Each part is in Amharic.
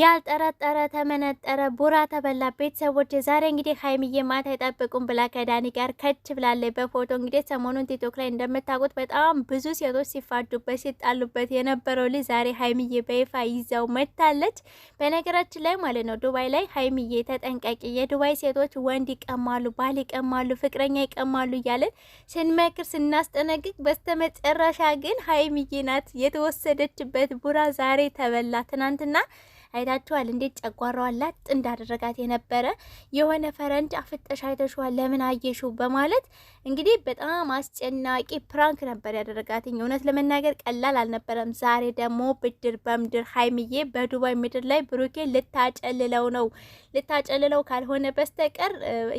ያልጠረጠረ ተመነጠረ። ቡራ ተበላ። ቤተሰቦች ዛሬ እንግዲህ ሀይሚዬ ማታ አይጠብቁም ብላ ከዳኒ ጋር ከች ብላለች በፎቶ እንግዲህ። ሰሞኑን ቲክቶክ ላይ እንደምታውቁት በጣም ብዙ ሴቶች ሲፋዱበት ሲጣሉበት የነበረው ልጅ ዛሬ ሀይሚዬ በይፋ ይዛው መታለች። በነገራችን ላይ ማለት ነው ዱባይ ላይ ሀይሚዬ ተጠንቀቂ፣ የዱባይ ሴቶች ወንድ ይቀማሉ፣ ባል ይቀማሉ፣ ፍቅረኛ ይቀማሉ እያለን ስንመክር ስናስጠነቅቅ፣ በስተመጨረሻ ግን ሀይሚዬ ናት የተወሰደችበት። ቡራ ዛሬ ተበላ ትናንትና አይታችኋል እንዴት ጨጓራዋን ላጥ እንዳደረጋት የነበረ የሆነ ፈረንጅ አፍጠሽ አይተሽዋል ለምን አየሽው በማለት እንግዲህ በጣም አስጨናቂ ፕራንክ ነበር ያደረጋትኝ። እውነት ለመናገር ቀላል አልነበረም። ዛሬ ደግሞ ብድር በምድር ሀይምዬ በዱባይ ምድር ላይ ብሩኬ ልታጨልለው ነው ልታጨልለው ካልሆነ በስተቀር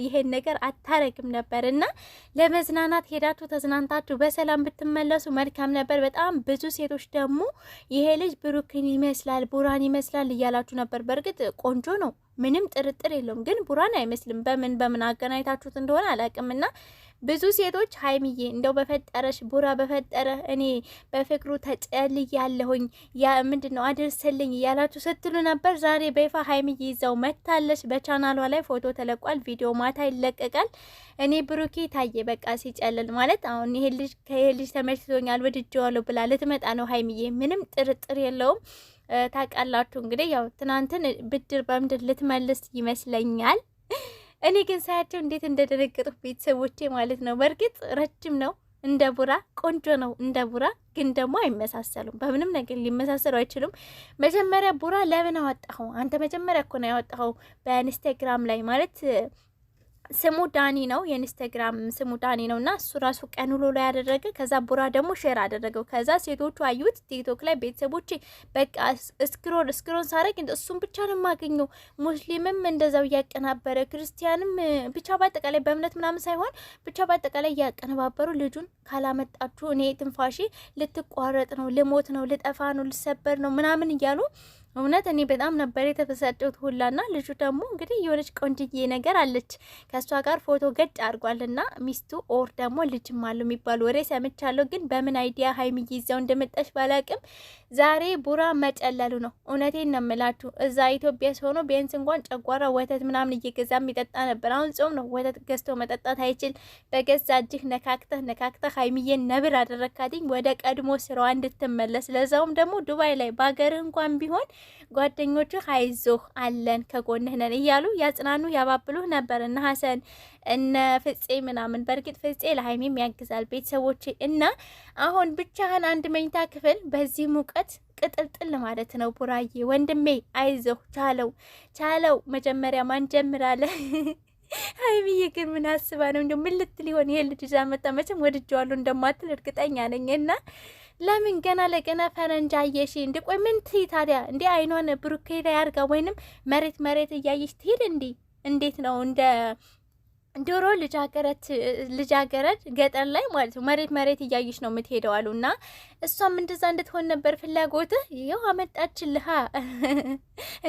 ይሄን ነገር አታረግም ነበር እና ለመዝናናት ሄዳችሁ ተዝናንታችሁ በሰላም ብትመለሱ መልካም ነበር። በጣም ብዙ ሴቶች ደግሞ ይሄ ልጅ ብሩክን ይመስላል ቡራን ይመስላል እያ እያላችሁ ነበር። በእርግጥ ቆንጆ ነው፣ ምንም ጥርጥር የለውም። ግን ቡራን አይመስልም። በምን በምን አገናኝታችሁት እንደሆነ አላቅምና ብዙ ሴቶች ሀይሚዬ እንደው በፈጠረሽ ቡራ በፈጠረ እኔ በፍቅሩ ተጨልይ ያለሁኝ ምንድን ነው አድርስልኝ እያላችሁ ስትሉ ነበር። ዛሬ በይፋ ሀይሚዬ ይዛው መታለች። በቻናሏ ላይ ፎቶ ተለቋል። ቪዲዮ ማታ ይለቀቃል። እኔ ብሩኬ ታየ በቃ ሲጨልል ማለት አሁን ይሄ ልጅ ከይሄ ልጅ ተመችቶኛል ወድጀዋለሁ ብላ ልትመጣ ነው ሀይሚዬ፣ ምንም ጥርጥር የለውም። ታውቃላችሁ። እንግዲህ ያው ትናንትን ብድር በምድር ልትመልስ ይመስለኛል። እኔ ግን ሳያቸው እንዴት እንደደነገጡ ቤተሰቦቼ ማለት ነው። በእርግጥ ረጅም ነው እንደ ቡራ ቆንጆ ነው እንደ ቡራ ግን ደግሞ አይመሳሰሉም። በምንም ነገር ሊመሳሰሉ አይችሉም። መጀመሪያ ቡራ ለምን አወጣኸው አንተ? መጀመሪያ እኮ ነው ያወጣኸው በኢንስታግራም ላይ ማለት ስሙ ዳኒ ነው። የኢንስታግራም ስሙ ዳኒ ነው እና እሱ ራሱ ቀን ውሎ ላይ ያደረገ ከዛ ቡራ ደግሞ ሼር አደረገው። ከዛ ሴቶቹ አዩት ቲክቶክ ላይ ቤተሰቦች በቃ እስክሮል እስክሮል ሳረግ እሱን ብቻ ነው የማገኘው። ሙስሊምም እንደዛው እያቀናበረ ክርስቲያንም ብቻ በአጠቃላይ በእምነት ምናምን ሳይሆን ብቻ በአጠቃላይ እያቀነባበሩ ልጁን ካላመጣችሁ እኔ ትንፋሽ ልትቋረጥ ነው፣ ልሞት ነው፣ ልጠፋ ነው፣ ልሰበር ነው ምናምን እያሉ እውነት እኔ በጣም ነበር የተበሳጨሁት ሁላና ልጁ ደግሞ እንግዲህ የሆነች ቆንጅዬ ነገር አለች ከእሷ ጋር ፎቶ ገጭ አድርጓልና ሚስቱ ኦር ደግሞ ልጅም አለው የሚባል ወሬ ሰምቻለሁ። ግን በምን አይዲያ ሀይሚ ጊዜው እንደመጣች ባላቅም ዛሬ ቡራ መጨለሉ ነው። እውነቴን ነው የምላችሁ። እዛ ኢትዮጵያ ሲሆኑ ቢያንስ እንኳን ጨጓራ ወተት ምናምን እየገዛ የሚጠጣ ነበር። አሁን ጾም ነው፣ ወተት ገዝቶ መጠጣት አይችል። በገዛ እጅህ ነካክተህ ነካክተህ ሀይሚዬን ነብር አደረካትኝ ወደ ቀድሞ ስራዋ እንድትመለስ ለዛውም ደግሞ ዱባይ ላይ በሀገርህ እንኳን ቢሆን ጓደኞቹ አይዞህ አለን ከጎንህ ነን እያሉ ያጽናኑ ያባብሉህ ነበር እነ ሀሰን እነ ፍጼ ምናምን። በእርግጥ ፍጼ ለሀይሜም ያግዛል ቤተሰቦች እና አሁን ብቻህን አንድ መኝታ ክፍል በዚህ ሙቀት ቅጥልጥል ማለት ነው። ቡራዬ ወንድሜ አይዞህ፣ ቻለው ቻለው። መጀመሪያ ማን ጀምራለ? ሀይሚዬ ግን ምን አስባ ነው እንዲ ምን ልትል ይሄ ልጅ ዛ መጣ። መቼም ወድጀዋለሁ እንደማትል እርግጠኛ ነኝ እና ለምን ገና ለገና ፈረንጅ አየሽ? እንዲ ቆይ ምን ትይ ታዲያ? እንዲ አይኗን ብሩኬ ላይ አድርጋ ወይንም መሬት መሬት እያየሽ ትሄድ እንዲ እንዴት ነው እንደ ልጃገረት ልጃገረድ ገጠር ላይ ማለት ነው መሬት መሬት እያየች ነው የምትሄደው አሉ እና እሷም እንደዛ እንድትሆን ነበር ፍላጎትህ። ይኸው አመጣችልሃ።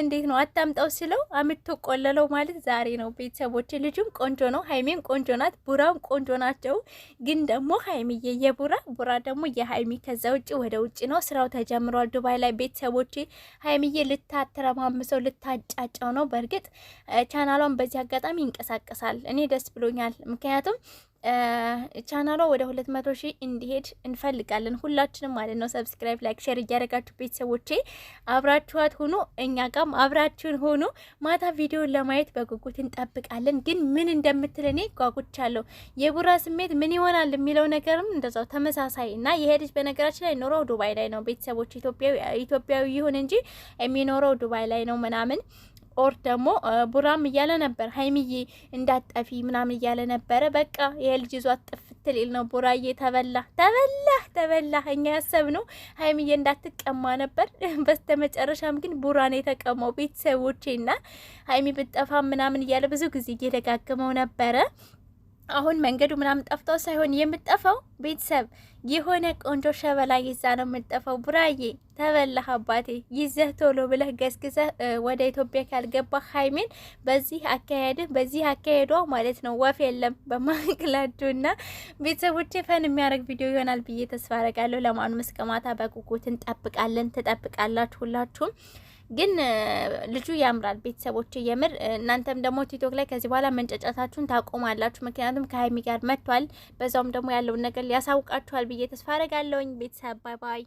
እንዴት ነው አታምጣው ሲለው አምቶ ቆለለው ማለት ዛሬ ነው። ቤተሰቦች ልጁም ቆንጆ ነው፣ ሀይሜም ቆንጆ ናት፣ ቡራም ቆንጆ ናቸው። ግን ደግሞ ሀይሚዬ የቡራ ቡራ ደግሞ የሀይሚ ከዛ ውጭ ወደ ውጭ ነው። ስራው ተጀምሯል ዱባይ ላይ ቤተሰቦች። ሀይሚዬ ልታተረማምሰው ልታጫጫው ነው። በእርግጥ ቻናሏን በዚህ አጋጣሚ ይንቀሳቀሳል እኔ ደስ ብሎኛል። ምክንያቱም ቻናሏ ወደ ሁለት መቶ ሺህ እንዲሄድ እንፈልጋለን ሁላችንም ማለት ነው። ሰብስክራይብ፣ ላይክ፣ ሼር እያደረጋችሁ ቤተሰቦቼ አብራችኋት ሆኖ እኛ ጋም አብራችሁን ሆኖ ማታ ቪዲዮን ለማየት በጉጉት እንጠብቃለን። ግን ምን እንደምትል እኔ ጓጉቻለሁ። የቡራ ስሜት ምን ይሆናል የሚለው ነገርም እንደዛው ተመሳሳይ እና የሄደች በነገራችን ላይ ኖረው ዱባይ ላይ ነው ቤተሰቦች ኢትዮጵያዊ ይሁን እንጂ የሚኖረው ዱባይ ላይ ነው ምናምን ኦር ደግሞ ቡራም እያለ ነበር ሀይሚዬ እንዳጠፊ ምናምን እያለ ነበረ። በቃ የልጅ ይዟት ጥፍት ሊል ነው። ቡራዬ ተበላ ተበላ ተበላ። እኛ ያሰብነው ሀይሚዬ እንዳትቀማ ነበር። በስተ መጨረሻም ግን ቡራን የተቀማው ቤተሰቦቼ ቤተሰቦቼና ሀይሚ ብጠፋ ምናምን እያለ ብዙ ጊዜ እየደጋግመው ነበረ። አሁን መንገዱ ምናምን ጠፍቶ ሳይሆን የምጠፋው ቤተሰብ የሆነ ቆንጆ ሸበላ ይዛ ነው የምጠፋው። ቡራዬ ተበላህ አባቴ፣ ይዘህ ቶሎ ብለህ ገስግዘህ ወደ ኢትዮጵያ ካልገባ ሀይሜን በዚህ አካሄድህ በዚህ አካሄዷ ማለት ነው ወፍ የለም በማንክላዱና ቤተሰቦቼ ፈን የሚያደርግ ቪዲዮ ይሆናል ብዬ ተስፋ አረጋለሁ። ለማኑ መስቀማታ በጉጉት እንጠብቃለን። ትጠብቃላችሁ ሁላችሁም ግን ልጁ ያምራል። ቤተሰቦች የምር እናንተም ደግሞ ቲክቶክ ላይ ከዚህ በኋላ መንጨጫታችሁን ታቆማላችሁ። ምክንያቱም ከሀይሚ ጋር መጥቷል። በዛውም ደግሞ ያለውን ነገር ሊያሳውቃችኋል ብዬ ተስፋ አረጋለሁኝ። ቤተሰብ ባይ ባይ።